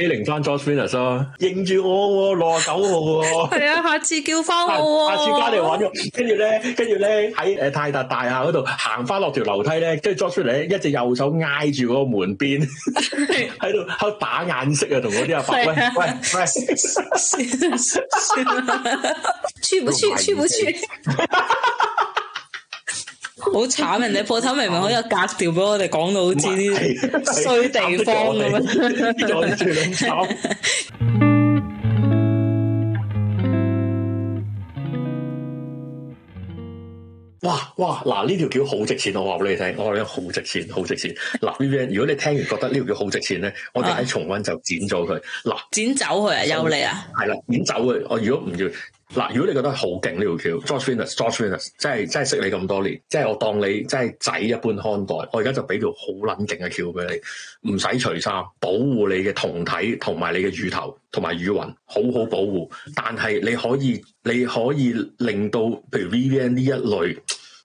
A 零翻 Joss v n u s 咯，認住我喎，六廿九號喎，係啊，下次叫翻我喎，下次翻嚟玩我，跟住咧，跟住咧喺誒泰達大廈嗰度行翻落條樓梯咧，跟住捉出嚟，一隻右手挨住個門邊，喺度喺度打眼色啊，同嗰啲阿喂，喂，喂，出唔出？出唔出？好慘，人哋鋪頭明明可以格調，俾我哋講到好似啲衰地方咁樣 哇哇，嗱呢條橋好值錢，我話俾你聽，我話你好值錢，好值錢。嗱，Vivian，如果你聽完覺得呢條橋好值錢咧， 我哋喺重溫就剪咗佢。嗱，剪走佢啊，由你啊。係啦，剪走佢。我如果唔要。嗱，如果你覺得好勁呢條橋，Joshua，Joshua，即係真係識你咁多年，即係我當你真係仔一般看待，我而家就俾條好撚勁嘅橋俾你，唔使除衫，保護你嘅胴體同埋你嘅乳頭同埋乳暈，好好保護。但係你可以，你可以令到，譬如 VVN 呢一類，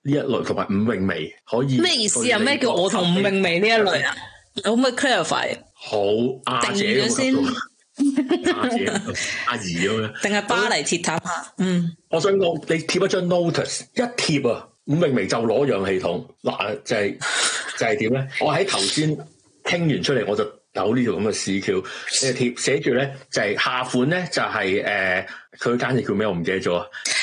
呢一類同埋伍詠薇可以咩意思啊？咩叫我同伍詠薇呢一類啊？樣可唔可以 clarify？好，阿姐先。阿姐、姨咁樣，定係巴黎鐵塔吓？嗯，我想講你貼一張 notice，一貼啊，伍明明就攞樣系統，嗱就係、是、就係點咧？我喺頭先傾完出嚟，我就有呢條咁嘅市橋寫貼寫住咧就係下款咧就係、是、誒，佢間嘢叫咩？我唔記得咗。啊、嗯。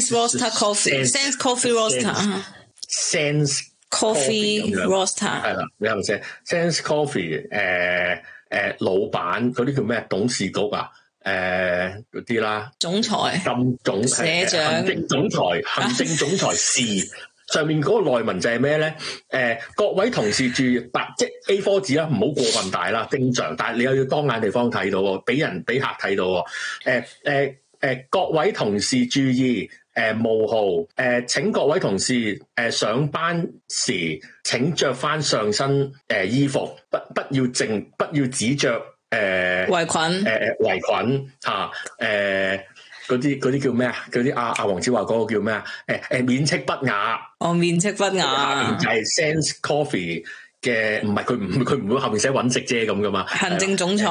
Sense Roaster Coffee，Sense Coffee Roaster Sense Coffee Roaster 係啦，你係咪寫 Sense Coffee 誒？誒、呃，老闆嗰啲叫咩？董事局啊，誒嗰啲啦，總裁、咁總、社長、行政總裁、行政總裁事。 上面嗰個內文就係咩咧？誒、呃，各位同事注意，白即 A4 紙啦，唔好過分大啦，正常，但係你又要當眼地方睇到，俾人俾客睇到，誒誒誒，各位同事注意。誒，冒、呃、號，誒、呃，請各位同事，誒、呃、上班時，請着翻上身誒、呃、衣服，不不要淨，不要只着誒圍裙，誒誒圍裙啊，誒嗰啲啲叫咩啊？嗰啲阿阿黃子華嗰個叫咩啊？誒、呃、誒，面、呃、斥不雅，我面斥不雅，就係 Sense Coffee。嘅唔係佢唔佢唔會後面寫揾食啫咁噶嘛？行政總裁，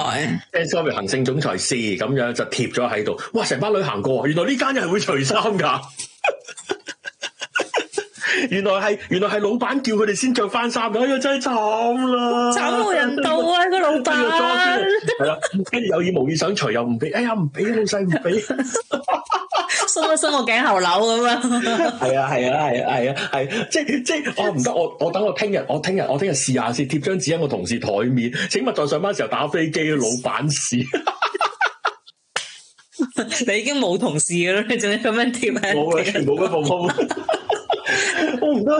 哎呦，行政總裁 C 咁樣就貼咗喺度。哇！成班女行過，原來呢間又係會除衫噶。原來係原來係老闆叫佢哋先着翻衫，哎呀真係慘啦，慘無人道啊個老闆！係啦、哎，跟住有意無意想除又唔俾，哎呀唔俾老細唔俾，鬆 一鬆我頸後扭咁 啊！係啊係啊係啊係啊係，即係即係啊唔得、啊啊啊啊哦，我我等我聽日，我聽日我聽日試下先，貼張紙喺我同事台面，請勿在上班時候打飛機，老闆示！ 你已經冇同事啦，你仲要咁樣貼啊？冇啊，全部都放我唔得，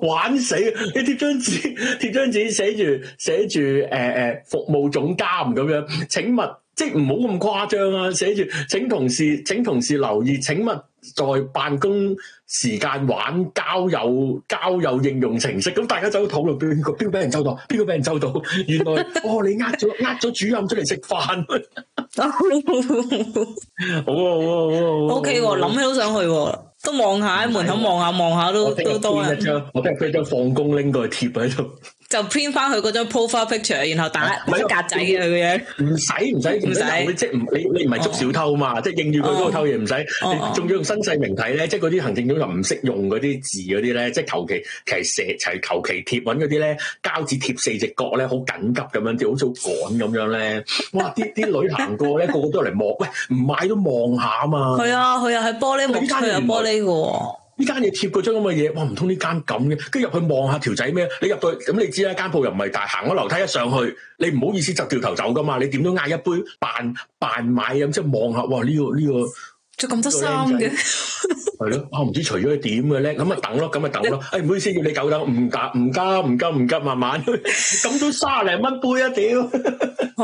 玩死！你貼張紙，貼張紙寫住寫住，誒誒、呃，服務總監咁樣，請勿，即係唔好咁誇張啊。寫住，請同事，請同事留意，請勿在辦公時間玩交友交友應用程式。咁大家走去討論，邊個邊個俾人抽到，邊個俾人抽到？原來 哦，你呃咗呃咗主任出嚟食飯。好啊好啊好啊！OK，諗起都想去喎。 都望下喺是門口望下望下都都多啊，我聽日貼一張，嗯、我聽日貼張放工拎過去貼喺度。 就 print 翻佢嗰張 profile picture，然後打埋個格仔嘅佢嘅，唔使唔使唔使，即係唔你你唔係捉小偷嘛，oh. 即係應住佢喺度偷嘢唔使，仲、oh. oh. 要用新細明體咧，即係嗰啲行政總又唔識用嗰啲字嗰啲咧，即係求其其寫齊求其貼穩嗰啲咧，膠紙貼四隻角咧，好緊急咁樣，要好似趕咁樣咧，哇！啲啲女行過咧，個個，個都嚟望，喂唔 買都望下啊嘛，係啊，佢又係玻璃門，佢又係玻璃嘅。呢間嘢貼嗰張咁嘅嘢，哇！唔通呢間咁嘅？跟住入去望下條仔咩？你入到咁你知啦，間鋪又唔係大，行個樓梯一上去，你唔好意思就掉頭走㗎嘛。你點都嗌一杯，扮扮買咁，即係望下。哇！呢、這個呢、這個著咁多衫嘅三的。 係咯，我唔、嗯、知除咗佢點嘅叻，咁啊等咯，咁咪等咯，哎唔好意思，要你久等，唔夾唔夾唔夾唔夾，慢慢，咁 都卅零蚊杯一、啊、屌，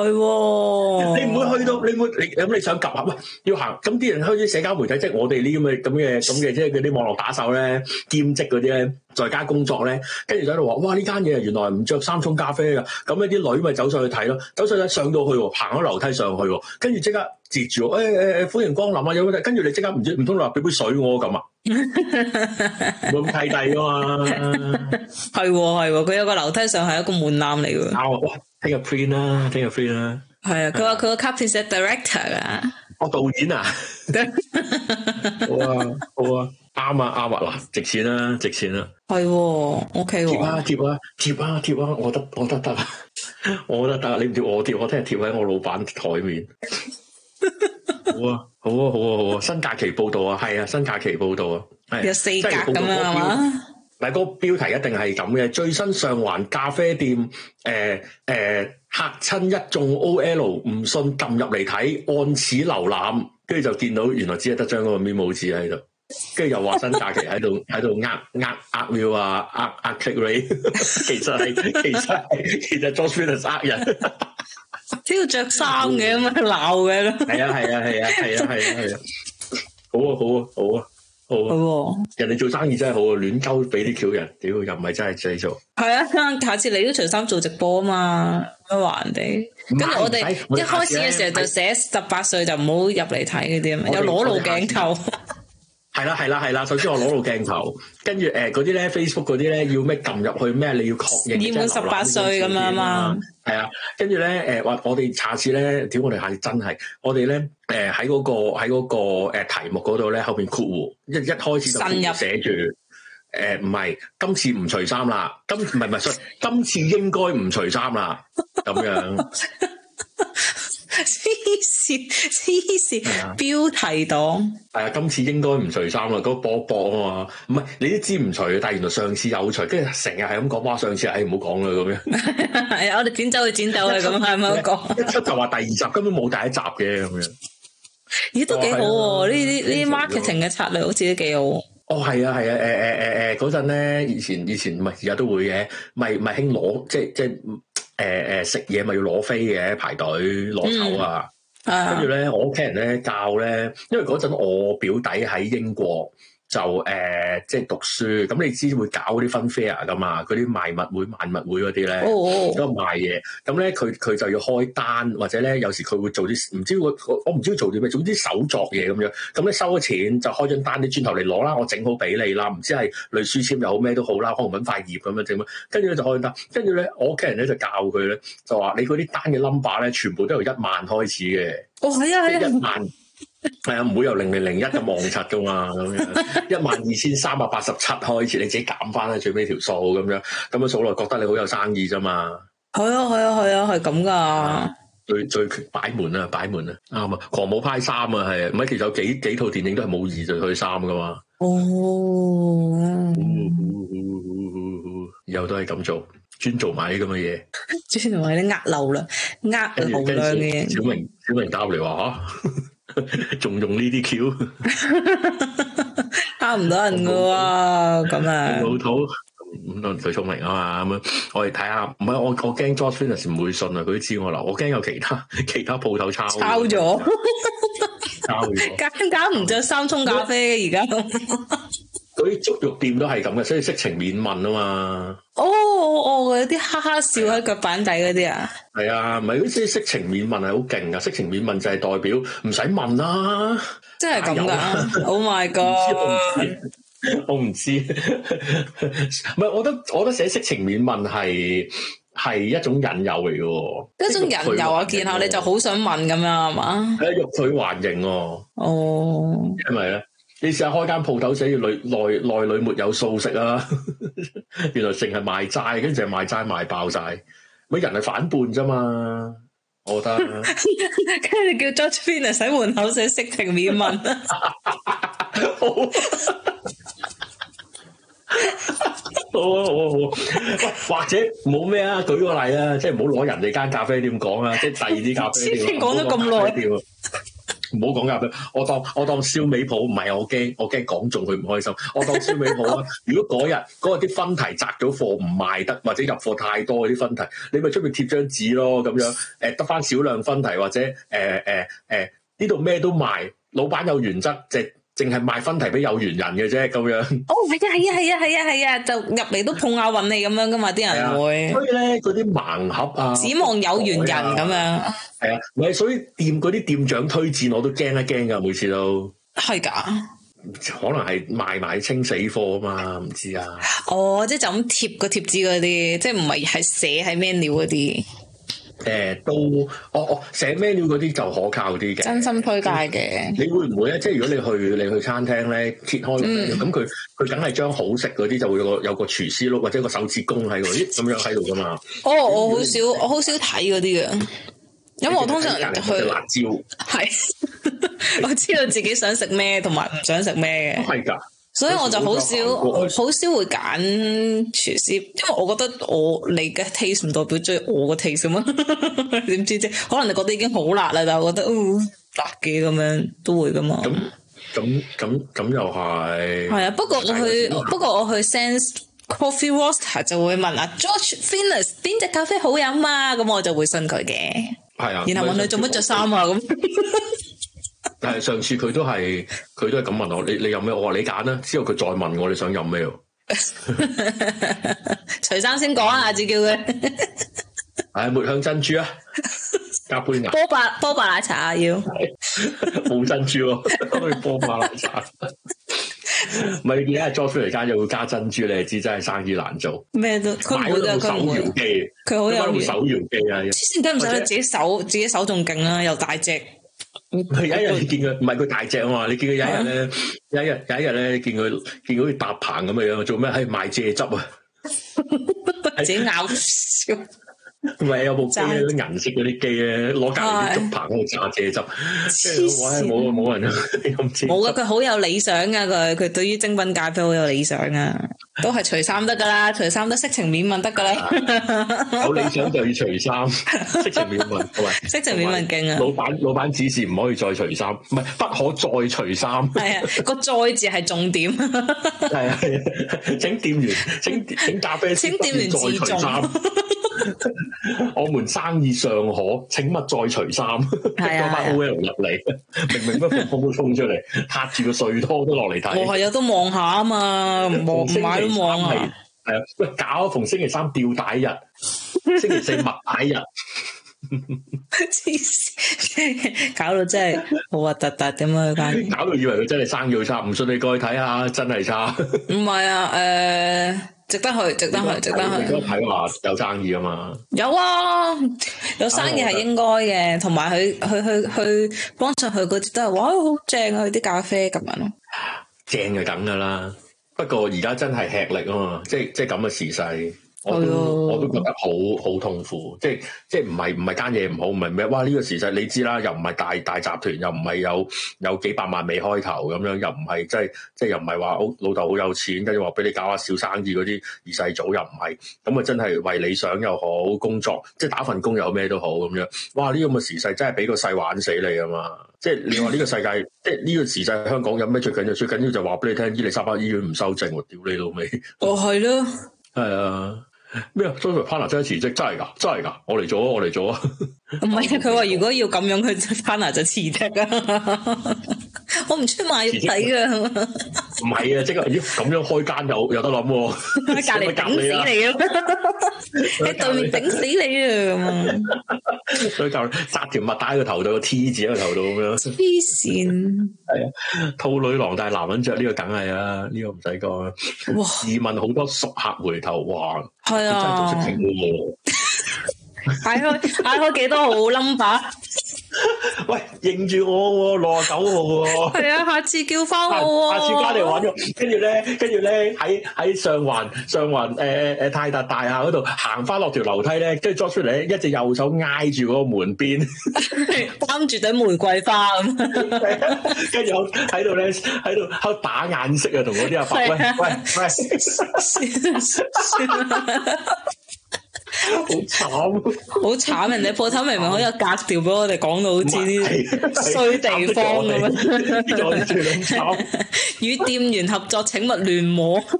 係， 哦、你唔會去到，你唔會，咁你，你想夾合喂，要行，咁啲人開啲社交媒體，即係我哋呢咁嘅咁嘅咁嘅，即係嗰啲網絡打手咧，兼職嗰啲咧，在家工作咧，跟住就喺度話，哇呢間嘢原來唔着三沖咖啡噶，咁一啲女咪走上去睇咯，走上去上到去，上去，上去行喺樓梯上去，跟住即刻截住，誒、哎、誒、哎、歡迎光臨啊，有跟住你即刻唔知唔通話俾杯水我？咁啊，冇咁契弟啊嘛，係係，佢有個樓梯上係一個門檻嚟嘅。啱啊，聽日 print 啦，聽日 print 啦。係啊，佢話佢個 cut 係 director 啊。我導演啊。好 hunters, 啊，好啊，啱啊，啱啊。嗱，值錢啦，值錢啦。係，OK。貼啊，貼啊，貼啊，貼啊，我得，我得我得，我得得，你唔貼我貼，我聽日貼喺我老闆台面。 好啊，好啊，好啊，好啊！新假期報道啊，係啊，新假期報道啊，係有四格咁樣係、啊、嘛？唔係個，嗰個標題一定係咁嘅，最新上環咖啡店，誒誒吓親一眾 O L，唔信撳入嚟睇，按此瀏覽，跟住就見到原來只係得張嗰個面報紙喺度，跟住又話新假期喺度喺度呃呃呃料啊，呃呃 click rate 其實係其實係其實，其實，其實 j o 係呃人。只要着衫嘅咁樣鬧嘅咯，係 啊係啊係啊係啊係啊係啊，啊，好啊好啊好啊好啊，好啊 人哋做生意真係好啊，亂鳩俾啲橋人，屌又唔係真係製作，係啊，下次你都除衫做直播啊嘛，咁話人哋，咁是我哋用一開始嘅時候就寫十八歲就唔好入嚟睇嗰啲啊嘛，有裸露鏡頭次。 係啦係啦係啦，首先我攞到鏡頭，跟住誒嗰啲咧，Facebook 嗰啲咧要咩撳入去咩，你要確認。要滿十八歲咁樣嘛？係啊，跟住咧誒，話我哋下次咧，屌我哋下次真係，我哋咧誒喺嗰個喺嗰個誒題目嗰度咧後邊括弧一一開始就寫住，誒唔係，今次唔除衫啦，今唔係唔係，今次應該唔除衫啦，咁樣。 黐線黐線，標題黨係啊！今次應該唔除衫啦，嗰個波波啊嘛，唔係你都知唔除，但係原來上次有除，跟住成日係咁講，哇！上次係唔好講啦，咁樣係啊！我哋剪走佢，剪走佢咁係咪咁講？一出就話第二集根本冇第一集嘅咁樣，咦？都幾好喎！呢啲呢啲 marketing 嘅策略，好似都幾好。哦，係啊，係啊，誒誒誒誒，嗰陣咧，以前以前唔係，而家都會嘅，咪咪興攞，即係即係。誒誒，食嘢咪要攞飛嘅，排隊攞籌啊！跟住咧我屋企人咧教，咧因為嗰陣我表弟喺英國。就誒、呃，即係讀書咁，你知會搞嗰啲 fun fair 噶嘛？嗰啲賣物會，賣物會嗰啲咧，oh oh. 都賣嘢。咁咧，佢佢就要開單，或者咧，有時佢會做啲唔知我我唔知做啲咩，總之手作嘢咁樣。咁咧收咗錢就開張單，你轉頭嚟攞啦，我整好俾你啦。唔知係類書籤又好咩都好啦，可能揾塊葉咁樣整啦。跟住咧就開張單，跟住咧我屋企人咧就教佢咧，就話你嗰啲單嘅 number 咧，全部都由一萬開始嘅。哦，係啊，係啊，一萬。 係啊，唔 會由零零零一咁望察噶嘛，咁樣一萬二千三百八十七開始，你自己減翻喺最尾條數咁樣，咁樣數落覺得你好有生意啫嘛。係啊，係 啊，係啊 t iny word，係咁噶。最最擺門啦，擺門啦，啱啊！狂舞派三啊，係咪其實有幾幾套電影都係冇二就去三噶嘛？哦，以後都係咁做，專做埋啲咁嘅嘢，專做埋啲呃樓啦，呃流量嘅嘢。小明，小明打你話吓。仲用呢啲 Q？差唔多人噶喎，咁哇啊老土，咁多人最聰明啊嘛，咁我哋睇下，唔係我我驚 George Fitness 唔會信啊，佢都知我啦，我驚有其他其他鋪頭抄，抄咗了， 抄咗了，搞唔着三沖咖啡而家。 嗰啲足浴店都係咁嘅，所以色情免問啊嘛。哦哦哦，有啲哈哈笑喺腳板底嗰啲啊。係啊，唔係好似色情免問係好勁啊。色情免問就係代表唔使問啦。真係咁噶？Oh my god！我唔知，唔係，我都得我覺寫色情免問係係一種引誘嚟噶。一種引誘啊，然後你就好想問咁啊，係嘛？係欲拒還迎哦。哦，因為咧。是你試下開間鋪頭寫內內內裏沒有素食啊，原來成日賣齋，跟住成日賣齋賣爆曬，咪人係反叛啫嘛。我覺得、啊。跟住 叫 George Vina n 洗門口寫色情免問 啊！好啊，好、啊，好、啊好啊，或者冇咩啊？舉個例啊，即係唔好攞人哋間咖啡店講啊？即係第二啲咖啡店講咗咁耐。唔好講噶佢，我當我當燒味鋪，唔係我驚，我驚講中佢唔開心。我當燒味鋪啊！如果嗰日嗰個啲分提摘咗貨唔賣得，或者入貨太多嗰啲分提，你咪出面貼張紙咯，咁樣誒得翻少量分提，或者誒誒誒呢度咩都賣，老闆有原則，即係淨係賣分題俾有緣人嘅啫，咁樣。哦，係啊，係啊，係啊，係啊，啊，就入嚟都碰下運氣咁樣噶嘛，啲人會、啊。所以咧，嗰啲盲盒啊，指望有緣人咁樣。係啊，唔係、啊、所以店嗰啲店長推薦我都驚一驚噶，每次都。係噶的，可能係賣埋清死貨啊嘛，唔知啊。哦，即係就咁貼個貼紙嗰啲，即係唔係係寫喺咩料嗰啲。誒、欸，都我我寫 menu 嗰啲就可靠啲嘅，真心推介嘅，嗯。你會唔會咧？即係如果你去你去餐廳咧揭開咁、那個，佢佢梗係將好食嗰啲就會有個有個廚師碌或者個手指公喺度，咁樣喺度噶嘛？哦，我好少，嗯、我好少睇嗰啲嘅，因為我通常去辣椒係，我知道自己想食咩同埋唔想食咩嘅。所以我就好少好實少會揀廚師，因為我覺得我你嘅 taste 唔代表最我嘅 taste 啊嘛，點知啫？可能你覺得已經好辣啦，但我覺得哦，辣嘅咁樣都會噶嘛。咁咁咁咁又係係啊。不過我去不過哼我去 Sense Coffee Roster 就會問啊，George Finnis 邊隻咖啡好飲啊？咁我就會信佢嘅。係啊，然後問佢做乜着衫，啊咁。但係上次佢都係佢都係咁問我，你你飲咩？我話你揀啦。之後佢再問我你想飲咩？ 徐先生先講啊，阿志叫佢： 哎「唉，抹香珍珠啊，加杯牙波霸波霸奶茶啊，要冇、 哎、珍珠可、啊、以 波霸奶茶。咪 而家係裝出嚟間又會加珍珠，你知真係生意難做咩，都佢冇到手搖機，佢好有手搖機啊！黐線都唔使啦，自己手自己手仲勁啦，又大隻。唔有一日你見佢，唔係佢大隻啊嘛。你見佢有一日咧，有一日有一日咧，見佢見佢好似搭棚咁嘅樣，做、嗯、咩？喺賣蔗汁啊，自己搞笑。 唔係有部機啲銀色嗰啲機咧，攞隔籬竹棚度榨蔗汁，黐線！冇啊，冇人咁黐。冇啊！佢好有理想啊！佢佢對於精品咖啡好有理想啊！都係除衫得噶啦，除衫得色情面問得噶啦。好理想就要除衫，色情面問，係咪？色情面問勁啊！老闆老闆指示唔可以再除衫，唔係不可再除衫。係啊，個再字係重點。係啊，請店員，請，請咖啡師不要再除衫。 我們生意尚可，請勿再除衫，多把 O L 入嚟， 明明乜風都衝出嚟，拍住個睡拖都落嚟睇，我係有都望下啊嘛，唔買都望下，係啊， 喂， 搞逢星期三吊帶日， 星期四襪帶日。 搞到真係好核突突咁啊！ 搞到以為佢真係生意好差，唔信你過去睇下，真係差。唔 係啊，誒、呃，值得去，值得去，值得去。嗰排話有生意啊嘛？有啊，有生意係應該嘅，同埋佢佢佢佢幫襯佢嗰啲都係哇，好正啊！佢啲咖啡咁樣咯，正就梗噶啦。不過而家真係吃力啊嘛，即係即係咁嘅時勢。我都我都覺得好好痛苦，即係即係唔係唔係間嘢唔好唔係咩，哇呢個時勢你知啦，又唔係大大集團，又唔係有有幾百萬未開頭咁樣，又唔係即係即係又唔係話老豆好有錢，跟住話俾你搞下小生意嗰啲二世祖又唔係，咁啊真係為理想又好工作，即係打份工又咩都好咁樣，哇呢咁嘅時勢真係俾個世玩死你啊嘛！即係你話呢個世界， 即係呢個時勢，香港有咩最緊要？最緊要就話俾你聽，伊利沙伯醫院唔收症，屌你老味。哦， 係啦，係啊。咩啊？所以 partner 真係辭職，真係噶，真係噶，我嚟做啊，我嚟做啊。唔係啊，佢話如果要咁樣，佢 partner 就辭職啊。 我唔出賣肉體噶。唔係啊，即刻係咁樣開間就有得諗喎，喺、啊、 隔籬頂死你啊，喺 對面整死你啊咁啊，所以就紮條襪帶喺個頭度，個 T 字喺個頭度咁樣，黐線，係 啊，兔女郎但男人着呢、這個梗係啊，呢、這個唔使講，哇，試問好多熟客回頭，哇，係啊，真係做出成果喎， 開嗌開幾多好 number。 喂，認住我喎、哦，六啊九號喎、哦，係啊，下次叫翻我、哦、 下次翻嚟玩我，跟住咧，跟住咧喺喺上環上環誒誒泰達大廈嗰度行翻落條樓梯咧，跟住捉出嚟一隻右手挨住個門邊， 擔住朵玫瑰花咁，跟住喺度咧，喺度喺度打眼色啊，同嗰啲阿伯，喂喂，喂。好慘，好慘！ 憐人哋鋪頭明明可以有格調，俾我哋講到好似啲衰地方咁樣。與 店員合作， 請勿亂摸。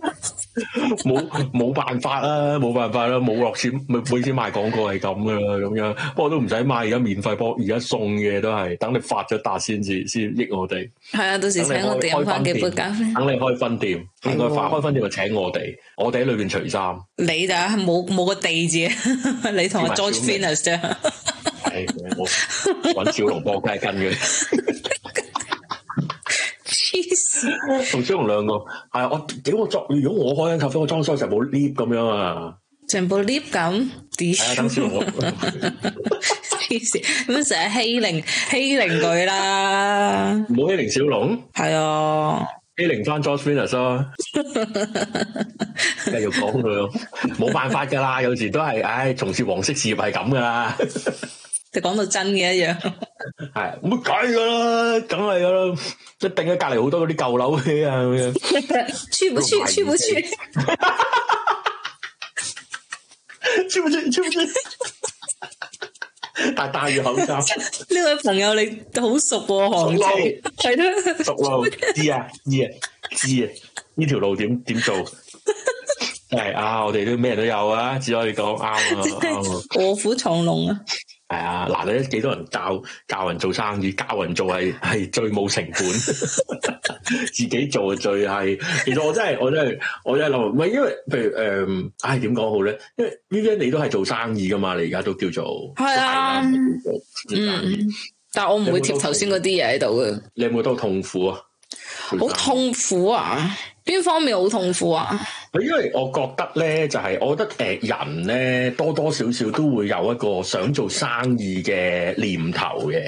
冇冇辦法啦，冇辦法啦，冇落錢咪每次賣廣告係咁噶啦，咁樣。不過都唔使賣，而家免費博，而家送嘅都係等你發咗達先至先益我哋。係啊，到時請我哋飲翻幾杯咖啡。等你開分店，開開分店咪請我哋，我哋喺裏邊除衫。你就冇冇個地址，你同我 join finish 啫。係我搵小龍博街筋嘅。同小龍兩個係、哎、我屌我裝，如果我開間咖啡，我裝修成部 lift 咁樣啊，成部 lift 咁、啊，黐線咁成日欺凌欺凌佢啦，冇 欺凌小龍，係啊，欺凌翻 Joseph 咯，繼續講佢咯，冇辦法噶啦，有時都係，唉、哎，從事黃色事業係咁噶啦。 就講到真嘅一樣 ，係冇解噶啦，梗係噶啦，一定喺隔籬好多嗰啲舊樓起啊咁樣， 出唔出？ 出唔出？ 出唔出？出唔出？但係戴住口罩。呢位朋友你好熟喎，行路係啦，熟路知啊知啊知啊，呢條路點點做？係啊、 哎，我哋都咩人都有啊，只可以講啱啊，臥虎藏龍啊！ 係啊，嗱你幾多人教教人做生意，教人做係係最冇成本， 自己做最係。其實我真係我真係我真係諗唔係，因為譬如，誒，唉點講好咧？因為呢啲你都係做生意噶嘛，你而家都叫做係啊。啊嗯，但我唔會貼頭先嗰啲嘢喺度嘅。你有冇多痛苦啊？好痛苦啊！邊方面好痛苦啊？因為我覺得咧，就係、是、我覺得誒，人咧多多少少都會有一個想做生意嘅念頭嘅，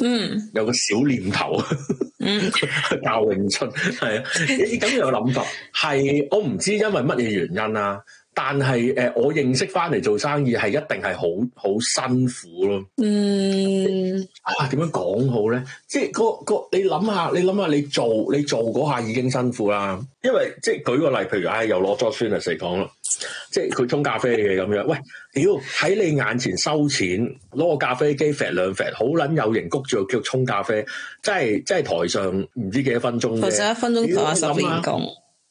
嗯，有個小念頭，嗯， 教永春係啊，你咁有諗法，係我唔知因為乜嘢原因啊。但係誒、呃，我認識翻嚟做生意係一定係好好辛苦咯。嗯，啊點樣講好咧？即係個你諗下，你諗下你，你做你做嗰下已經辛苦啦。因為即係舉個例，譬如唉、哎，又攞咗孫女士講咯，即係佢沖咖啡嘅咁樣。喂，屌喺你眼前收錢，攞個咖啡機甩兩甩，好撚有型，谷住腳沖咖啡，真係真係台上唔知幾多分鐘，分鐘。台上一分鐘做下十年、嗯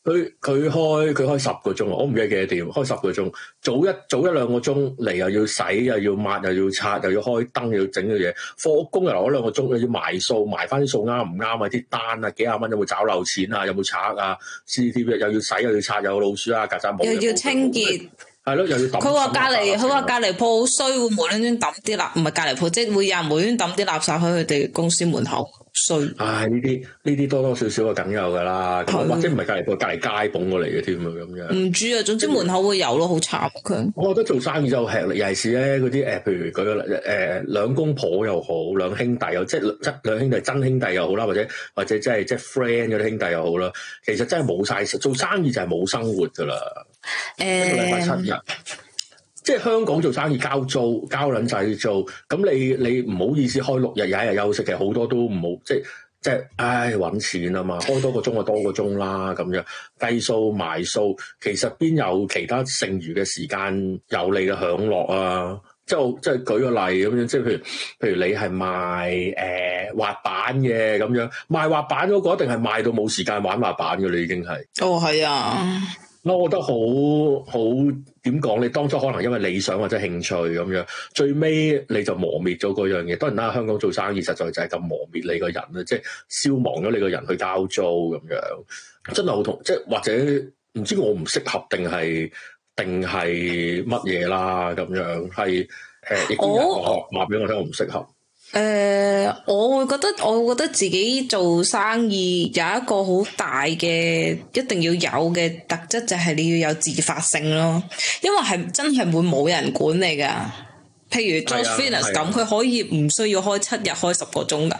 佢佢開佢開十個鐘啊！我唔記得幾多點，開十個鐘。早一早一兩個鐘嚟又要洗又要抹又要拆，又要開燈又要整嘅嘢。貨屋工人攞兩個鐘又要埋數埋翻啲數啱唔啱啊？啲單啊幾廿蚊有冇找漏錢啊？有冇拆啊？CCTV 又要洗又要擦有老鼠啊曱甴冇又要清潔。係咯，又要抌。佢話林隔籬，佢話隔籬鋪好衰，會無端端抌啲垃，唔係隔籬鋪，即係會有人無端端抌啲垃圾喺佢哋公司門口衰。唉，呢啲呢啲多多少少啊，梗有噶啦，或者唔係隔籬鋪，的隔籬街捧過嚟嘅添啊，咁樣。唔知啊，總之門口會有咯，好慘佢。慘我覺得做生意就係尤其是咧，嗰啲誒，譬如佢個誒兩公婆又好，兩兄弟又即係即兩兄弟真兄弟又好啦，或者或者即係即 friend 嗰啲兄弟又好啦，其實真係冇晒做生意就係冇生活噶啦。嗯、一個禮拜七日，即係香港做生意交租交捻就做，咁你你唔好意思開六日有一日休息嘅，好多都唔好即係即係，唉，搵錢啊嘛，開多個鐘就多個鐘啦，咁樣計數埋數，其實邊有其他剩餘嘅時間有利嘅享樂啊？即係即係舉個例咁樣，即係譬如譬如你係賣誒、欸、滑板嘅咁樣，賣滑板嗰個一定係賣到冇時間玩滑板嘅啦，你已經係，哦係啊。嗯我覺得好好點講，你當初可能因為理想或者興趣咁樣，最尾你就磨滅咗嗰樣嘢。當然啦，香港做生意實在就係咁磨滅你個人啦，即係消亡咗你個人去交租咁樣，真係好痛。即係或者唔知我唔適合定係定係乜嘢啦咁樣，係誒亦都有個話俾我聽，我唔適合。誒、呃，我會覺得我會覺得自己做生意有一個好大嘅，一定要有嘅特質，就係你要有自發性咯。因為係真係會冇人管你噶。譬如做 fitness 咁，佢可以唔需要開七日開十個鐘噶，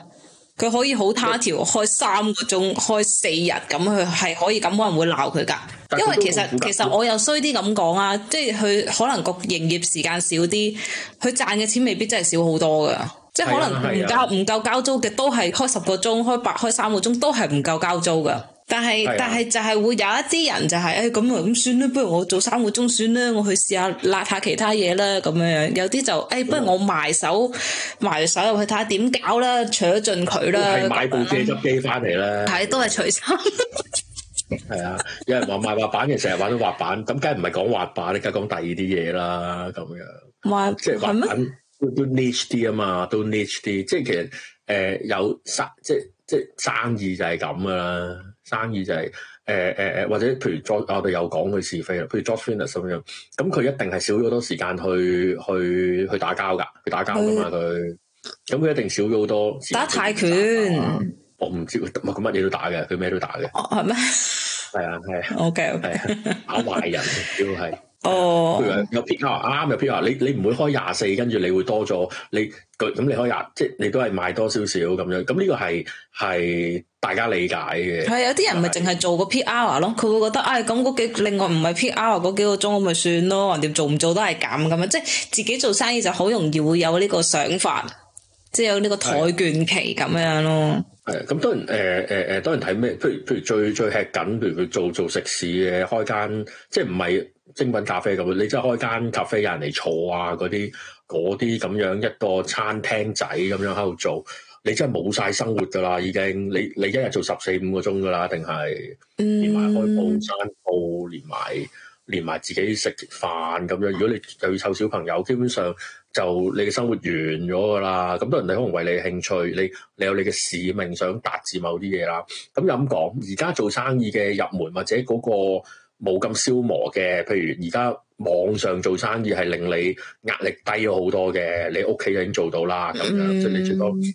佢可以好他條的開三個鐘，開四日咁，佢係可以咁，冇人會鬧佢噶。但 因為其實其實我又衰啲咁講啊，即係佢可能個營業時間少啲，佢賺嘅錢未必真係少好多噶。即係可能唔夠唔夠交租嘅，都係開十個鐘，開八開三個鐘，都係唔夠交租噶。但係但係就係會有一啲人就係誒咁啊咁算啦，不如我做三個鐘算啦，我去試下拉下其他嘢啦咁樣樣。有啲就誒，不如我埋手埋手入去睇下點搞啦，除咗進佢啦，係買部借鈔機翻嚟啦，係都係除衫。係啊，有人話賣滑板嘅，成日玩到滑板，咁梗係唔係講滑板，你梗係講第二啲嘢啦，咁樣。賣即係滑板。都 niche 啲啊嘛，都 niche 啲，即係其實誒、呃、有生即即生意就係咁噶啦，生意就係誒誒誒，或者譬如 Jo，我哋有講佢是非啦，譬如 Jo Finnis 咁樣，咁佢一定係少咗好多時間去去去打交噶，去打交噶嘛佢，咁佢、嗯、一定少咗好多打。打泰拳，我唔、啊、知，佢乜嘢都打嘅，佢咩都打嘅，係咩、啊？係啊係啊，啊，OK，係 OK 啊，打壞人主要係.。 哦，譬如有 P R，啱有 P R、啊、你你唔會開廿四，跟住你會多咗，你咁你開廿，即係你都係賣多少少咁樣。咁呢個係係大家理解嘅。係有啲人咪係淨係做個 P R 咯，佢會覺得，唉、哎，咁嗰幾另外唔係 P R 嗰幾個鐘，咁咪算咯，橫掂做唔做都係咁咁樣。即係自己做生意就好容易會有呢個想法，即係有呢個台券期咁樣咯。係啊、嗯，咁當然誒誒誒，當然睇咩，譬如譬如最最、最吃緊，譬如佢做做食肆嘅開間，即係唔係。精品咖啡咁，你真係開間咖啡，有人嚟坐啊，嗰啲嗰啲咁樣一個餐廳仔咁樣喺度做，你真係冇晒生活噶啦，已經你你一日做十四五個鐘噶啦，定係連埋開鋪、閂鋪，連埋連埋自己食飯咁樣。如果你又要湊小朋友，基本上就你嘅生活完咗噶啦。咁多人哋可能為你嘅興趣，你你有你嘅使命想達至某啲嘢啦。咁又咁講，而家做生意嘅入門或者嗰個。冇咁消磨嘅，譬如而家網上做生意係令你壓力低咗好多嘅，你屋企就已經做到啦，咁、嗯、樣即係你最多貼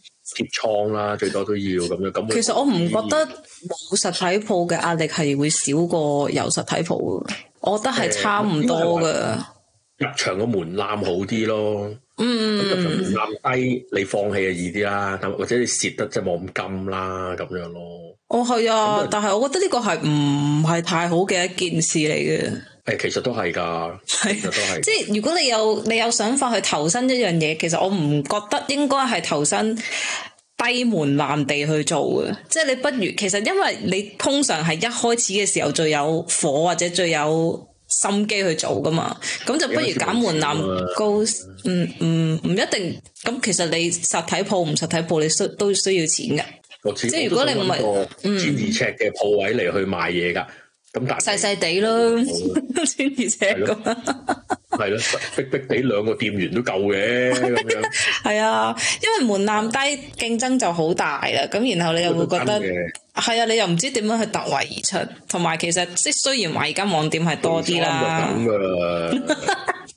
倉啦，最多都要咁樣。咁其實我唔覺得冇實體鋪嘅壓力係會少過有實體鋪嘅，我覺得係差唔多嘅。呃、因為因為入場嘅門檻好啲咯，嗯，入場門檻低，你放棄就易啲啦，或者你蝕得即係冇咁金啦，咁樣咯。哦，係啊，但係我覺得呢個係唔係太好嘅一件事嚟嘅。誒，其實都係噶，係， 即係如果你有你有想法去投身一樣嘢，其實我唔覺得應該係投身低門檻地去做嘅。即係你不如，其實因為你通常係一開始嘅時候最有火或者最有心機去做噶嘛，咁、嗯、就不如揀門檻高、嗯。嗯嗯，唔一定。咁其實你實體鋪唔實體鋪，你需都需要錢嘅。即係如果你唔係千二尺嘅鋪位嚟，去賣嘢噶，咁大細細地咯， 千二尺咁係咯，逼逼 地兩個店員都夠嘅。係啊， 因為門檻低，競爭就好大啦。咁然後你又會覺得係啊，你又唔知點樣去突圍而出，同埋其實即係雖然話而家網店係多啲啦。咁嘅。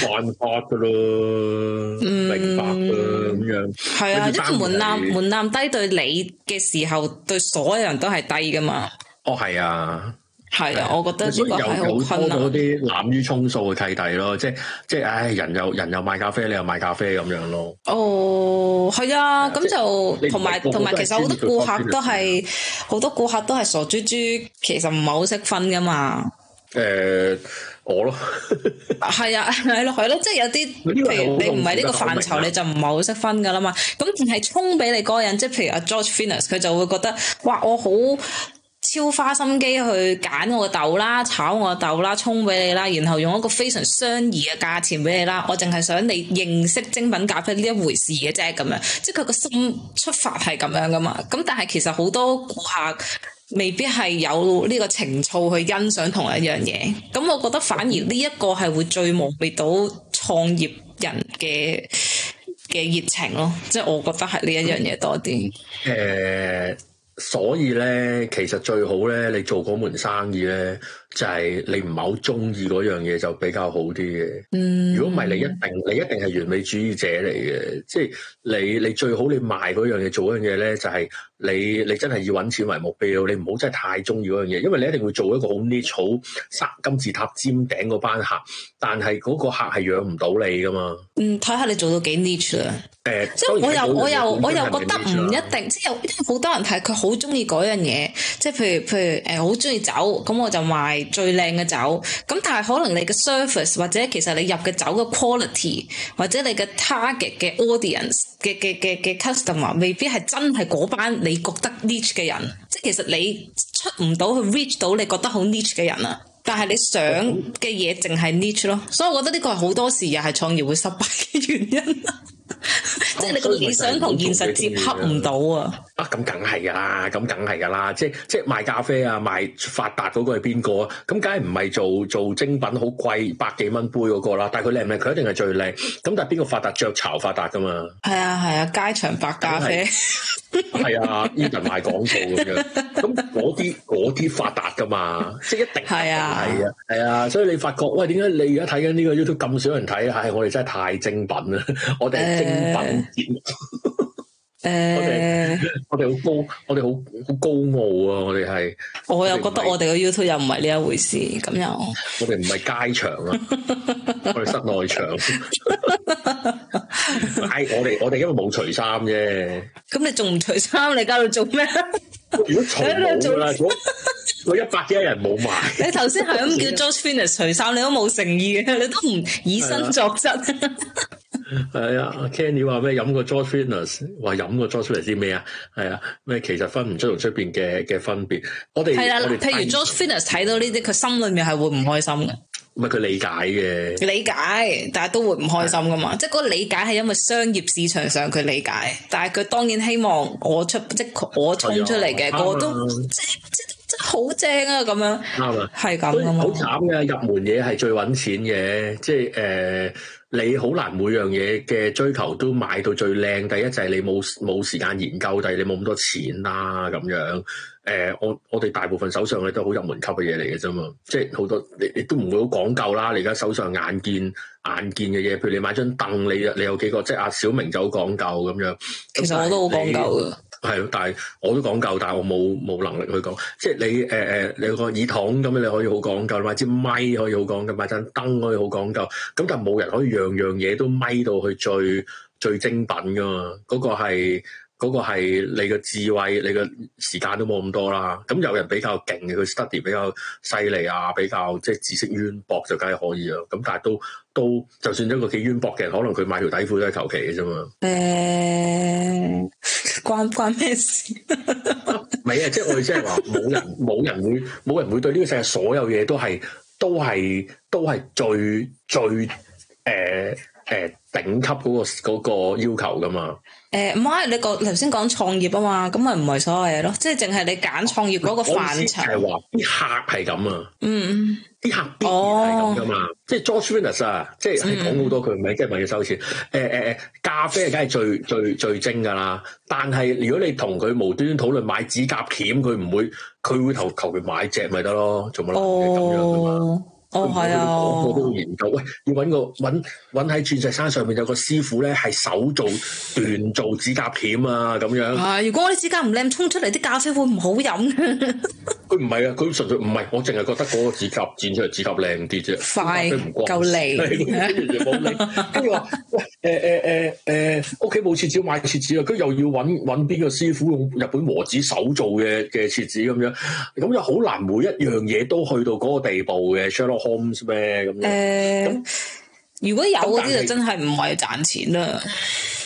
冇辦法噶咯，明白啊咁樣。係啊，因為門檻，門檻低對你嘅時候，對所有人都係低噶嘛。哦，係啊，係啊，我覺得呢個係好困難。多咗啲濫竽充數嘅契弟咯，即係即係，唉，人又人又賣咖啡，你又賣咖啡咁樣咯。哦，係啊，咁就同埋同埋，其實好多顧客都係好多顧客都係傻豬豬，其實唔係好識分噶嘛。誒、嗯、我咯 啊，係啊係咯係咯，即、就、係、是、有啲譬如你唔係呢個範疇，你就唔係好識分噶啦嘛。咁但係沖俾你個人，即係譬如阿 George Finn 佢就會覺得哇，我好超花心機去揀我個豆啦，炒我個豆啦，沖俾你啦，然後用一個非常相宜嘅價錢俾你啦。我淨係想你認識精品咖啡呢一回事嘅啫，咁樣即係佢個心出發係咁樣噶嘛。咁但係其實好多顧客。未必係有呢個情操去欣賞同一樣嘢，咁、嗯嗯、我覺得反而呢一個係會最磨滅到創業人嘅嘅熱情咯，即係我覺得係呢一樣嘢多啲。誒、嗯，嗯、所以咧，其實最好咧，你做嗰門生意咧，就係、是、你唔係好中意嗰樣嘢就比較好啲嘅。嗯，如果唔係你一定你一定係完美主義者嚟嘅，即係你你最好你賣嗰樣嘢做嗰樣嘢咧就係、是。你你真係要揾錢為目標，你唔好真係太中意嗰樣嘢，因為你一定會做一個好 niche 好金字塔尖頂嗰班客，但係嗰個客係養唔到你噶嘛。嗯，睇下你做到幾 niche 啦。誒，即係我又我又我又覺得唔一定，即係有好多人睇佢好中意嗰樣嘢，即係譬如譬如誒好中意酒，咁我就賣最靚嘅酒，咁但係可能你嘅 service 或者其實你入嘅酒嘅 quality 或者你嘅 target 嘅 audience。嘅嘅嘅嘅 customer 未必係真係嗰班你覺得 niche 嘅人，即係其實你出唔到去 reach 到你覺得好 niche 嘅人啊，但係你想嘅嘢淨係 niche 咯，所以我覺得呢個係好多時又係創業會失敗嘅原因。 即係 你個理想同現實接洽唔到啊！啊，咁梗係噶啦，咁梗係噶啦，即係即係賣咖啡啊，賣發達嗰個係邊個啊？咁梗係唔係做做精品好貴百幾蚊杯嗰個啦？但係佢靚唔靚？佢一定係最靚。咁但係邊個發達，雀巢發達噶嘛？係 啊係啊，街場白咖啡。係 啊，even 賣廣告咁樣，咁嗰啲啲發達㗎嘛，即係 一定係 啊，係 啊，所以你發覺，喂，點解你而家睇緊呢個 YouTube 咁少人睇啊、哎？我哋真係太精品啦，我哋係是精品節目！ 誒、uh,，我哋好高，我哋好好高傲啊！我哋係，我又覺得我哋個 YouTube 又唔係呢一回事，咁又，我哋唔係街場啊， 我哋室內場，唉、 哎，我哋我哋今日冇除衫啫，咁你仲唔除衫？你而家喺度做咩？如果除冇啦，我 一百幾一人冇埋。 你頭先係咁叫 Josephine 除衫，你都冇誠意嘅，你都唔以身作則。 也 tak 係啊，Kenny 話咩飲個 Josephine，話飲個 Josephine 啲咩啊？係啊，咩其實分唔出同出邊嘅嘅分別。我哋係啦，啊、譬如 Josephine 睇到呢啲，佢心裏面係會唔開心嘅。唔係佢理解嘅，理解，但係都會唔開心噶嘛。啊、即係嗰個理解係因為商業市場上佢理解，但係佢當然希望我出即我衝出嚟嘅，個個都即即即好正啊！咁樣係咁啊，好慘嘅，入門嘢係最揾錢嘅，即係誒。呃你好難每樣嘢嘅追求都買到最靚，第一就係你冇冇時間研究，第二就係你冇咁多錢啦咁樣。誒、呃，我我哋大部分手上嘅都係好入門級嘅嘢嚟嘅啫嘛，即係好多你你都唔會好講究啦。你而家手上眼見眼見嘅嘢，譬如你買張凳，你你有幾個？即係阿小明就好講究咁樣。其實我都好講究噶。係咯，但係我都講究，但係我冇冇能力去講。即係你誒誒、呃，你個耳筒咁樣你可以好講究，或者咪可以好講究，買盞燈可以好講究。咁但係冇人可以樣樣嘢都咪到去最最精品噶嘛？嗰、那個係嗰、那個係你嘅智慧，你嘅時間都冇咁多啦。咁有人比較勁嘅，佢 study 比較犀利啊，比較即係知識淵博就梗係可以啦。咁但係都。都就算咗個幾淵博嘅，可能佢買條底褲都係求其嘅啫嘛。誒、呃，關關咩事？唔係啊，即係我哋即係話冇人冇人會冇人會對呢個世界所有嘢都係都係都係最最。最誒，頂級嗰個個要求噶嘛？誒，唔係你個頭先講創業啊嘛，咁咪唔係所謂嘢咯，即係淨係你揀創業嗰個範疇係話啲客係咁啊，嗯，嗯，啲客必然係咁噶嘛，即係 George Smith 啊，即係講好多佢咪，即係問要收錢。誒誒誒，咖啡梗係最、嗯、最最精噶啦，但係如果你同佢無端端討論買指甲鉗，佢唔會，佢會求其買隻咪得咯，做乜爛咁樣噶嘛，哦？哦係樣啊，個個都研究，喂，要搵個搵搵喺鑽石山上面有個師傅咧，係手做鍛造指甲鉗啊，咁樣。係，如果我啲指甲唔靚，沖出嚟啲咖啡會唔好飲。佢唔係啊，佢純粹唔係，我淨係覺得嗰個指甲剪出嚟指甲靚啲啫，快，夠利，跟住冇，跟住話。 誒誒誒誒，屋企冇廁紙買廁紙啦，佢又要揾揾邊個師傅用日本和紙手做嘅嘅廁紙咁樣，咁又好難，每一樣嘢都去到嗰個地步嘅。Shallow homes 咩咁樣？誒，欸、樣如果有嗰啲就真係唔係賺錢啦。是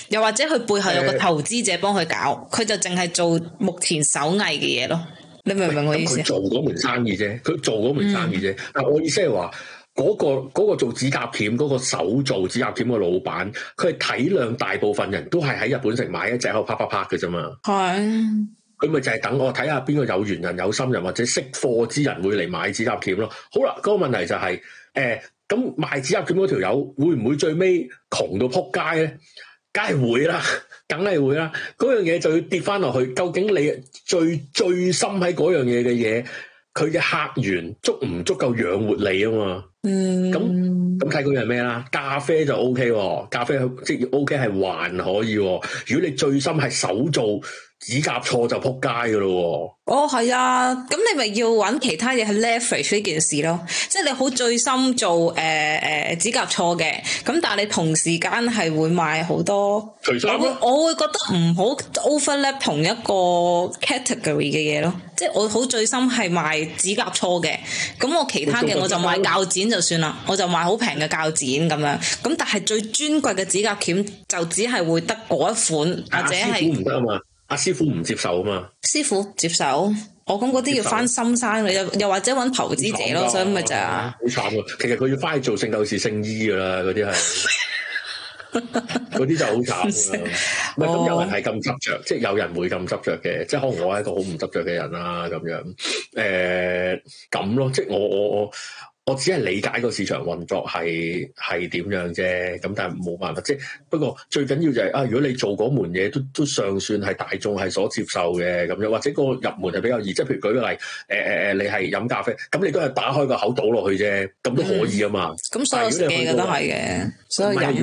又或者佢背後有個投資者幫佢搞，佢、欸、就淨係做目前手藝嘅嘢咯。你明唔明我意思？欸、做嗰門生意啫，佢做嗰門生意啫。嗯、但我意思係話。嗰、那個那個做指甲鉗嗰、那個手做指甲鉗嘅老闆，佢係體諒大部分人都係喺日本城買一隻口啪啪啪嘅啫嘛。係，佢 咪就係等我睇下邊個有緣人、有心人或者識貨之人會嚟買指甲鉗咯。好啦，嗰、那個問題就係、是、誒，咁、欸、賣指甲鉗嗰條友會唔會最尾窮到撲街咧？梗係會啦，梗係會啦。嗰樣嘢就要跌翻落去。究竟你最最深喺嗰樣嘢嘅嘢，佢嘅客源足唔足夠養活你啊嘛？咁咁睇嗰樣係咩啦？咖啡就 OK，咖啡即係 OK 係還可以。如果你最深係手做，指甲銼就仆街噶咯。哦係啊，咁你咪要揾其他嘢去 leverage 呢件事咯，即係你好醉心做誒誒、呃呃、指甲銼嘅，咁但係你同時間係會賣好多，我會我會覺得唔好 overlap 同一個 category 嘅嘢咯，即係我好醉心係賣指甲銼嘅，咁我其他嘅我就賣鉸剪就算啦，嗯、我就賣好平嘅鉸剪咁樣，咁但係最尊貴嘅指甲鉗就只係會得嗰一款，或者係唔得啊嘛。阿師傅唔接受啊嘛，師傅接受，我講嗰啲要翻深山啦，又受又或者揾投資者咯，所以咪就係，好慘啊,啊！其實佢要翻去做聖鬥士聖衣噶啦，嗰啲係，嗰啲 就好慘、啊。唔係咁有人係咁執着，哦、即係有人會咁執着嘅，即係可能我係一個好唔執着嘅人啦、啊，咁樣，誒、呃，咁咯，即係我我我。我我我我只係理解個市場運作係係點樣啫，咁但係冇辦法，即係不過最緊要就係啊，如果你做嗰門嘢都都尚算係大眾係所接受嘅咁樣，或者個入門係比較易，即係譬如舉個例，誒誒誒，你係飲咖啡，咁你都係打開個口倒落去啫，咁都可以啊嘛。咁、嗯嗯嗯、所有嘢嘅都係嘅話。唔係，如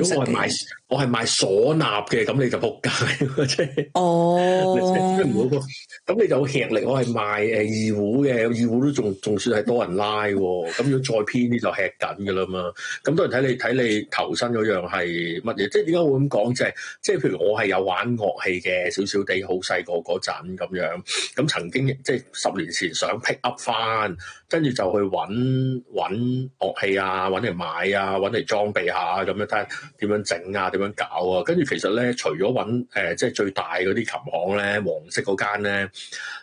果我係賣我係賣嗩吶嘅，咁你就仆街，即係哦。即唔好講，咁你就好吃力。我係賣誒、uh，二胡嘅，二胡都仲仲算係多人拉喎。咁樣 再偏啲就吃緊㗎啦嘛。咁多人睇你睇你投身嗰樣係乜嘢？即係點解會咁講？即係即係譬如我係有玩樂器嘅，少少地，好細個嗰陣咁樣。咁曾經即係十年前想 pick up 翻，跟住就去揾揾樂器啊，揾嚟買啊，揾嚟、啊、裝備下。咁樣睇下點樣整啊？點樣搞啊？跟住其實咧，除咗揾、呃、即係最大嗰啲琴行咧，黃色嗰間咧，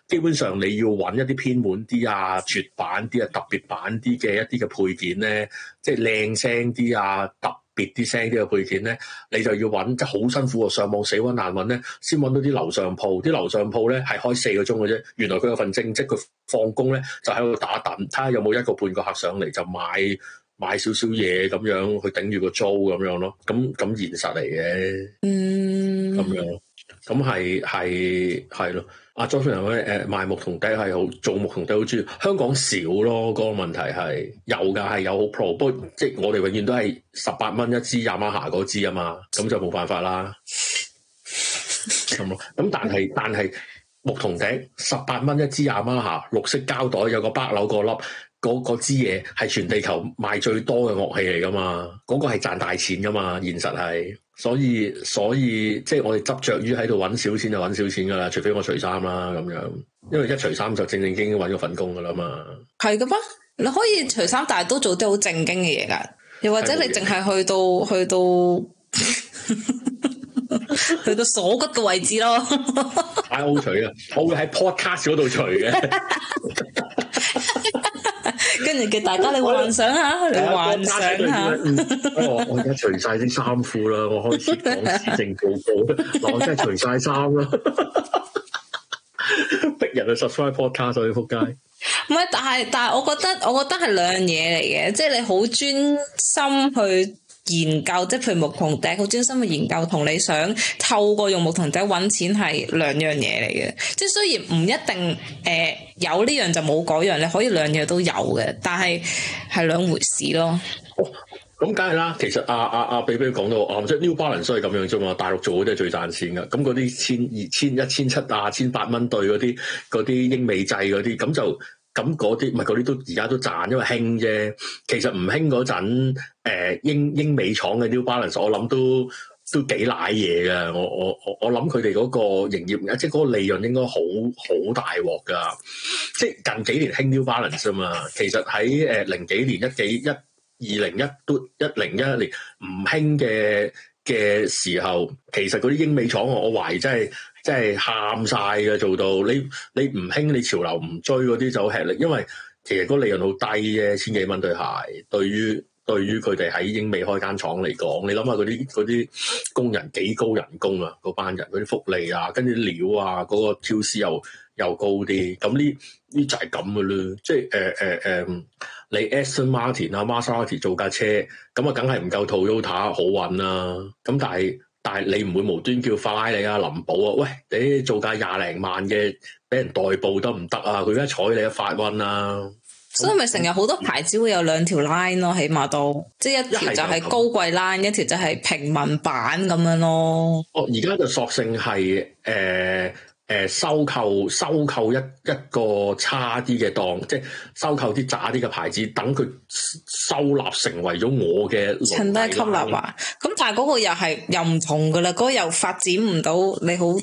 基本上你要揾一啲偏門啲啊、絕版啲啊、特別版啲嘅一啲嘅配件咧，即係靚聲啲啊、特別啲聲啲嘅配件咧，你就要揾即係好辛苦啊，上網死揾難揾咧，先揾到啲樓上鋪。啲樓上鋪咧係開四個鐘嘅啫。原來佢有份正職，佢放工咧就喺度打躉，睇下有冇一個半個客上嚟就買。買少少嘢咁樣去頂住個租咁樣咯，咁咁現實嚟嘅，咁、嗯、樣，咁係係係咯。阿 Johnson 誒，賣、啊呃、牧童笛係好，做牧童笛好鍾意。香港少咯，個問題係有噶，係有好 pro，不過即係我哋永遠都係十八蚊一支 Yamaha 嗰支啊嘛，咁就冇辦法啦。咁咯， 咁但係但係牧童笛十八蚊一支 Yamaha，綠色膠袋有個白鈕個粒。嗰支嘢係全地球賣最多嘅樂器嚟噶嘛？嗰、嗰個係賺大錢噶嘛？現實係，所以所以即係我哋執着於喺度揾少錢就揾少錢噶啦，除非我除衫啦咁樣，因為一除衫就正正經經揾咗份工噶啦嘛。係噶嘛？你可以除衫，但係都做啲好正經嘅嘢噶，又或者你淨係去到去到 去到鎖骨嘅位置咯。我除啊，我會喺 podcast 嗰度除嘅。 跟住叫大家你幻想下，你幻想下。我而家除晒啲衫褲啦，我開始講事情報告。我真係除晒衫啦，逼 人去 subscribe podcast 要撲街。唔係，但係但係，我覺得我覺得係兩樣嘢嚟嘅，即係你好專心去。研究，即係木童一好專心嘅研究，同你想透過用木童仔揾錢係兩樣嘢嚟嘅。即係雖然唔一定誒、呃、有呢樣就冇嗰樣，你可以兩樣都有嘅，但係係兩回事咯。咁梗係啦。其實阿阿阿比比講到啊，即係 New Balance 係咁樣啫嘛。大陸做嗰啲係最賺錢㗎。咁嗰啲千二千一千七啊，千八蚊對嗰啲啲英美製嗰啲咁就。咁嗰啲唔係嗰啲都而家都賺，因為興啫。其實唔興嗰陣，誒英英美廠嘅 New Balance，我諗都都幾瀨嘢㗎。我我我我諗佢哋嗰個營業，即係嗰個利潤應該好好大鑊㗎。即係近幾年興 New Balance 啊嘛。其實喺誒零幾年一幾一二零一都一零一年唔興嘅嘅時候，其實嗰啲英美廠我我懷疑真係。即係喊晒嘅做到，你你唔興，你潮流唔追嗰啲就好吃力，因為其實嗰個利潤好低啫，千幾蚊對鞋。對於對於佢哋喺英美開間廠嚟講，你諗下嗰啲啲工人幾高人工啊，嗰班人嗰啲福利啊，跟住料啊，嗰、嗰個超支又又高啲。咁呢呢就係咁嘅啦，即係誒誒誒，你 Aston Martin 啊，馬莎拉蒂做架車，咁、嗯、啊梗係唔夠 Toyota 好運啦、啊。咁、嗯、但係。但係你唔會無端叫法拉利啊、林寶啊，喂，你做價廿零萬嘅，俾人代步得唔得啊？佢而家睬你一發瘟啊，所以咪成日好多牌子會有兩條 line 咯、啊，起碼都即係一條就係高貴 line，一條就係平民版咁樣咯。哦，而家就索性係誒。呃誒，收購，收購一一個差啲嘅檔，即係收購啲渣啲嘅牌子，等佢收納成為咗我嘅。趁低吸納啊！咁但係嗰個又係又唔同㗎啦，嗰、嗰個又發展唔到你好，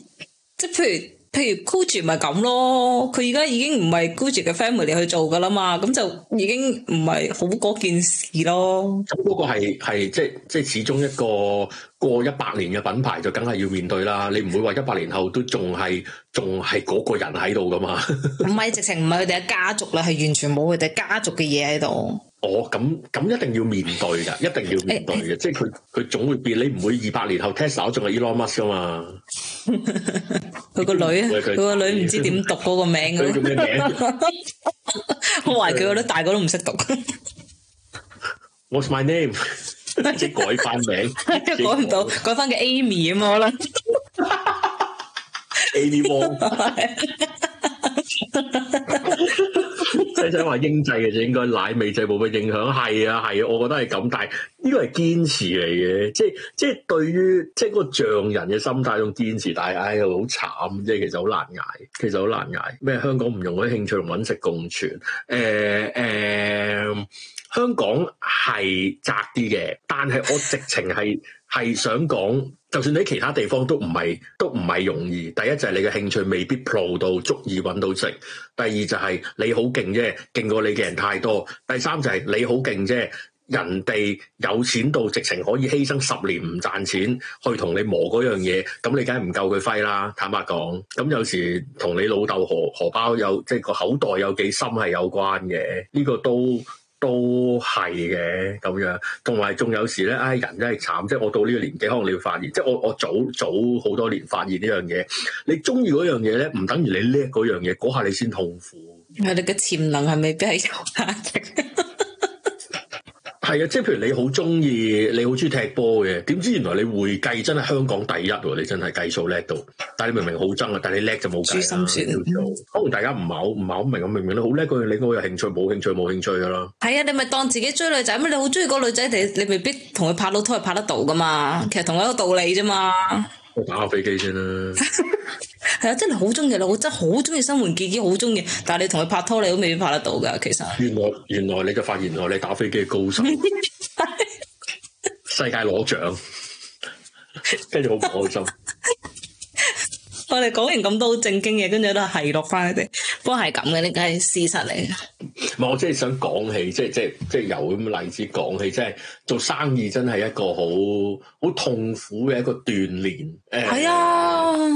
即係譬如。譬如 Gucci 咪咁咯，佢而家已經唔係 Gucci 嘅 family 嚟，去做噶啦嘛，咁就已經唔係好嗰件事咯，嗯。嗰個係係即係即係始終一個過一百年嘅品牌就梗係要面對啦，你唔會話一百年後都仲係仲係嗰個人喺度噶嘛？唔 係，直情唔係佢哋嘅家族啦，係完全冇佢哋家族嘅嘢喺度。我咁咁，一定要面對噶，一定要面對嘅，即係佢佢總會變，你唔會二百年後 Tesla 仲係 Elon Musk 噶嘛？佢個女啊，佢個女唔知點讀嗰個名啊，我懷疑佢嗰啲大個都唔識讀。What's my name？即係改翻名，改唔到，改翻個 Amy 吖嘛可能。Amy Wong。聲聲話英制嘅就是、應該奶味就冇乜影響，係啊係啊，啊，我覺得係咁，但係呢個係堅持嚟嘅，即、就、即、是、對於即嗰個匠人嘅心態用堅持，但係唉又好慘即即其實好難捱，其實好難捱。咩香港唔容許興趣同揾食共存？誒、呃、誒。呃呃香港係窄啲嘅，但係我直情係係想講，就算你喺其他地方都唔係都唔係容易。第一就係你嘅興趣未必 pro 到足以搵到食；第二就係、是、你好勁啫，勁過你嘅人太多；第三就係、是、你好勁啫，人哋有錢到直情可以犧牲十年唔賺錢去同你磨嗰樣嘢，咁你梗係唔夠佢揮啦。坦白講，咁有時同你老豆荷荷包有即係個口袋有幾深係有關嘅，呢、這個都。都係嘅咁樣，同埋仲有時咧，唉、哎，人真係慘，即係我到呢個年紀，可能你會發現，即係我我早早好多年發現呢樣嘢，你中意嗰樣嘢咧，唔等於你叻嗰樣嘢，嗰下你先痛苦。你哋嘅潛能係未必係有壓力。 係啊，即係譬如你好中意，你好中意踢波嘅，點知原來你會計真係香港第一，你真係計數叻到，但係你明明好憎啊，但係你叻就冇計心先。可能大家唔係好唔係好明咁，明明都好叻，個你，你我有興趣冇興趣冇興趣噶啦。係啊，你咪當自己追女仔咁，你好中意個女仔，你未必同佢拍老拖係拍得到噶嘛，的其實同一個道理啫嘛。我打下飛機先啦，係啊，真係好中意，我真係好中意，生活，杰杰好中意，但係你同佢拍拖，你都未必拍得到噶，其實。原來原來你嘅發現，原來你打飛機高手， 世界攞獎，跟住好唔開心。 我哋講完咁多好正經嘢，跟住都係落翻嚟。不過係咁嘅，呢，梗係事實嚟嘅。唔係，我真係想講起，即係即係即係由咁嘅例子講起，即係做生意真係一個好好痛苦嘅一個鍛煉。係啊，呃、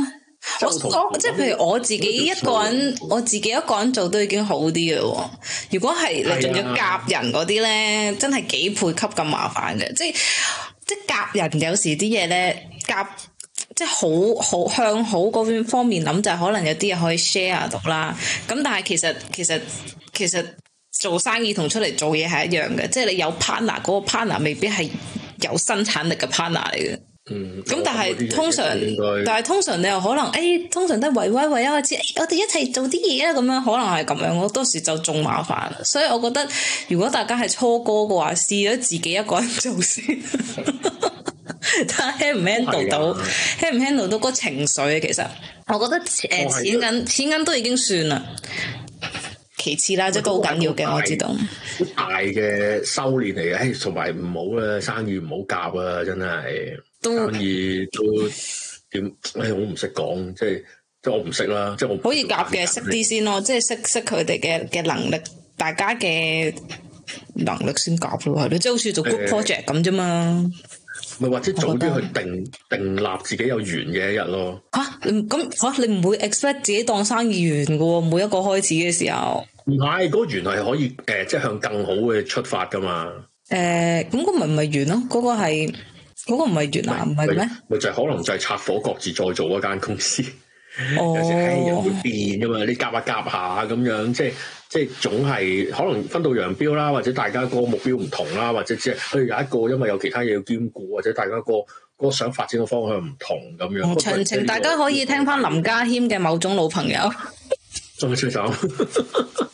我我，我即係譬如我自，做我自己一個人，我自己一個人做都已經好啲嘅。如果係你仲要夾人嗰啲咧，真係幾倍級咁麻煩嘅。即係即係夾人有時啲嘢咧夾。即係好好向好嗰邊方面諗，就係、係、可能有啲嘢可以 share 到啦。咁但係其實其實其實做生意同出嚟做嘢係一樣嘅，即係你有 partner 嗰個 partner 未必係有生產力嘅 partner 嚟嘅。嗯。咁但係通常，但係通常你又可能，誒、哎，通常都係喂喂啊，我知、哎，我哋一齊做啲嘢啊，咁樣可能係咁樣。我當時就仲麻煩，所以我覺得如果大家係初哥嘅話，試咗自己一個人做先。 他 handle 到，handle 到嗰個情緒啊！其實我覺得誒，錢銀錢銀都已經算啦。其次啦，即係都好緊要嘅，我知道。大嘅修煉嚟嘅，同埋唔好啦，生意唔好夾啊！真係都可以都點？哎我唔識講，即係即係我唔識啦，即係可以夾嘅，識啲先咯，即係識識佢哋嘅嘅能力，大家嘅能力先夾咯，係咯，即係好似做 group project 咁啫嘛。咪或者早啲去定定立自己有完嘅一日咯。吓，咁吓，你唔、啊、會 expect 自己當生意完噶喎？每一個開始嘅時候，唔係嗰個完係可以誒、呃，即係向更好嘅出發噶嘛？誒、呃，咁、那、嗰個咪唔係完咯？嗰、那個係嗰、那個唔係完啊唔係咩？咪就係可能就係拆夥各自再做一間公司。哦， 有啲嘢、哎、會變噶嘛？你夾下夾下咁樣，即係。即係總係可能分道揚鑣啦，或者大家個目標唔同啦，或者即係佢有一個因為有其他嘢要兼顧，或者大家個、那個想發展嘅方向唔同咁樣。詳情、這個，大家可以聽翻林家謙嘅某種老朋友。仲要吹手。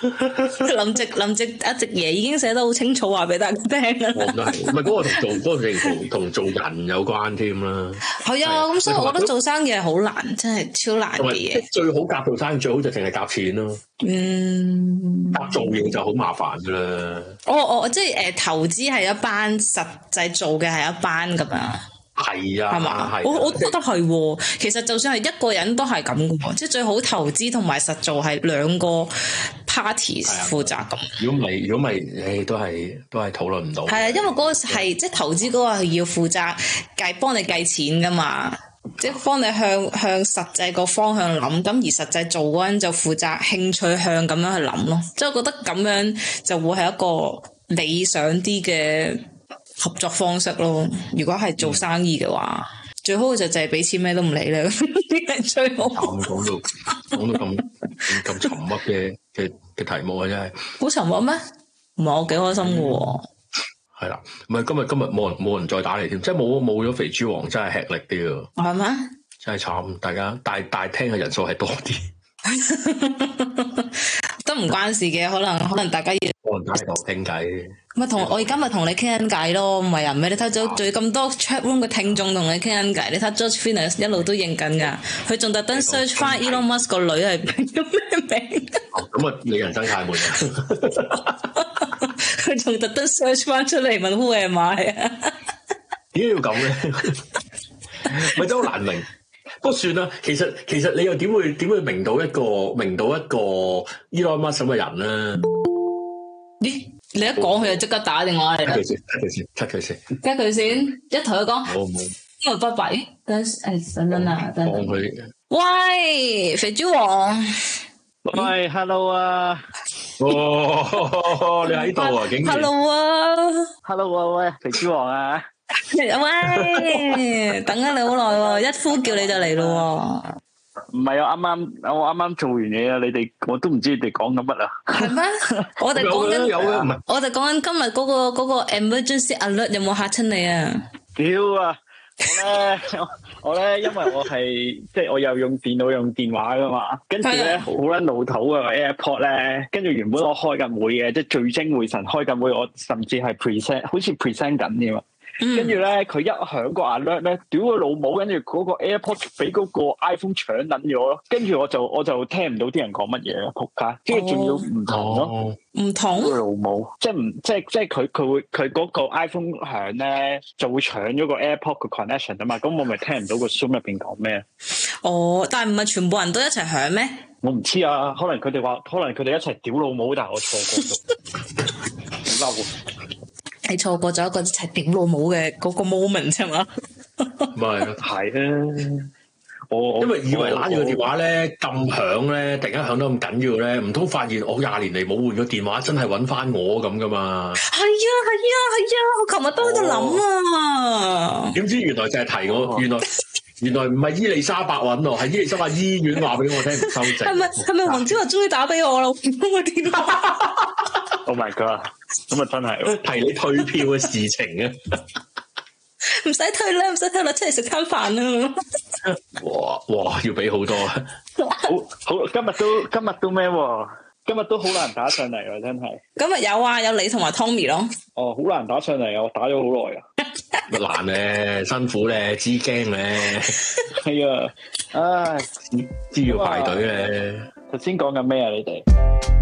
林夕，林夕，阿夕爺已經寫得好清楚，話俾大家聽啦。我唔係嗰個做個同同做人有關添啦。係啊，咁所以我覺得做生意係好難，真係超難嘅嘢。最好夾做生意，最好就淨係夾錢咯。嗯，夾造型就好麻煩噶啦。我，我，即係誒，投資係一班，實際做嘅係一班咁啊。係啊，係嘛吧，啊、我、啊、我覺得係、啊，其實就算係一個人都係咁嘅，即係 最好投資同埋實做係兩個 party 負責咁。如果唔係，如果唔係，誒，都係都係討論唔到。係啊，因為嗰個係、啊、即係投資嗰個係要負責計幫你計錢噶嘛，即係幫你向向實際個方向諗，咁而實際做嗰人就負責興趣向咁樣去諗咯。即係我覺得咁樣就會係一個理想啲嘅。合作方式咯，如果係做生意嘅話，嗯、最好嘅就就係俾錢咩都唔理啦，啲 係最好。 講到講到咁咁沉鬱嘅嘅嘅題目啊，真係好沉鬱咩？唔係我幾開心噶。係啦，唔係今日今日冇人冇人再打嚟添，即係冇冇咗肥豬王，真係吃力啲啊。係咩嗎？真係慘，大家大大廳嘅人數係多啲。都唔關事嘅，可能可能大家要。我唔係講傾偈。咪同我而家咪同你傾緊偈咯，唔係啊？咩咧？你睇咗對咁多 chat room 嘅聽眾同你傾緊偈，你睇 George Viner 一路都認緊噶，佢仲特登 search 翻 Elon Musk 個女係叫咩名？咁啊，你人生太悶啦！佢仲特登 search 翻出嚟問 Who am I 啊？點解要咁咧？咪真好難明。不過算啦，其實其實你又點會點會明到一個明到一個 Elon Musk 嘅人咧、欸？你你一講佢就即刻打電話嚟。cut 佢先，cut 佢先，cut 佢先，cut 佢先。一抬佢講，好、哦，唔、哦、好，因為拜拜。等誒，等等啊，等。講佢。喂，肥豬王。喂拜、欸、hello 啊。 哦，你喺度啊，竟然。hello 啊，hello 啊，喂，肥豬王啊。 喂，等緊你好耐喎，一呼叫你就嚟咯。唔係啊，啱啱我啱啱做完嘢啊，你哋我都唔知你哋講緊乜啊。係咩？我哋講緊有啊，我哋講緊今日嗰個嗰個 Emergency Alert 有冇嚇親你啊？屌啊！我咧我咧，因為我係即係我又用電腦用電話噶嘛，跟住咧好撚老土啊 AirPod 咧，跟住原本我開緊會嘅，即係聚精會神開緊會，我甚至係 present 好似 present 緊添嘛。跟住咧，佢、嗯、一響個 alert 咧，屌佢老母！跟住嗰個 AirPod 俾嗰個 iPhone 搶撚咗，跟住我就我就聽唔到啲人講乜嘢啊！仆街！跟住仲要唔同咯，唔、哦哦、同。屌老母！即係唔即係即係佢佢會佢嗰個 iPhone 響咧，就會搶咗個 AirPod 嘅 connection 啊嘛！咁我咪聽唔到個 zoom 入邊講咩？哦，但係唔係全部人都一齊響咩？我唔知啊，可能佢哋話，可能佢哋一齊屌老母，但係我錯過咗， 係錯過咗一個一齊屌老母嘅嗰個 moment 啫嘛，唔 係， 係 咧，我因為以為攬住個電話咧咁響咧，突然間響得咁緊要咧，唔通發現我廿年嚟冇換咗電話，真係揾翻我咁噶嘛？係啊係啊係啊，啊，我琴日都喺度諗啊，點、 哦、知原來就係提我， 原來原來唔係伊利沙伯揾我，係伊利沙伯醫院話俾我聽唔收症，係咪係咪黃天樂終於打俾我啦？哦 my god！咁啊，真係提你退票嘅事情啊！唔 使退啦，唔使退啦，出嚟食餐飯啦！ 哇哇，要俾好多啊！好好，今日都今日都咩？今日都好難打上嚟啊！真係 今日有啊，有你同埋 Tommy 咯。哦，好難打上嚟啊！我打咗好耐啊， 難咧，辛苦咧，知驚咧，係啊、 哎，唉，知要排隊咧。頭先講緊咩啊？你哋？